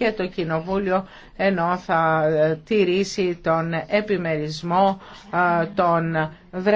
και το Κοινοβούλιο ενώ θα τηρήσει τον επιμερισμό των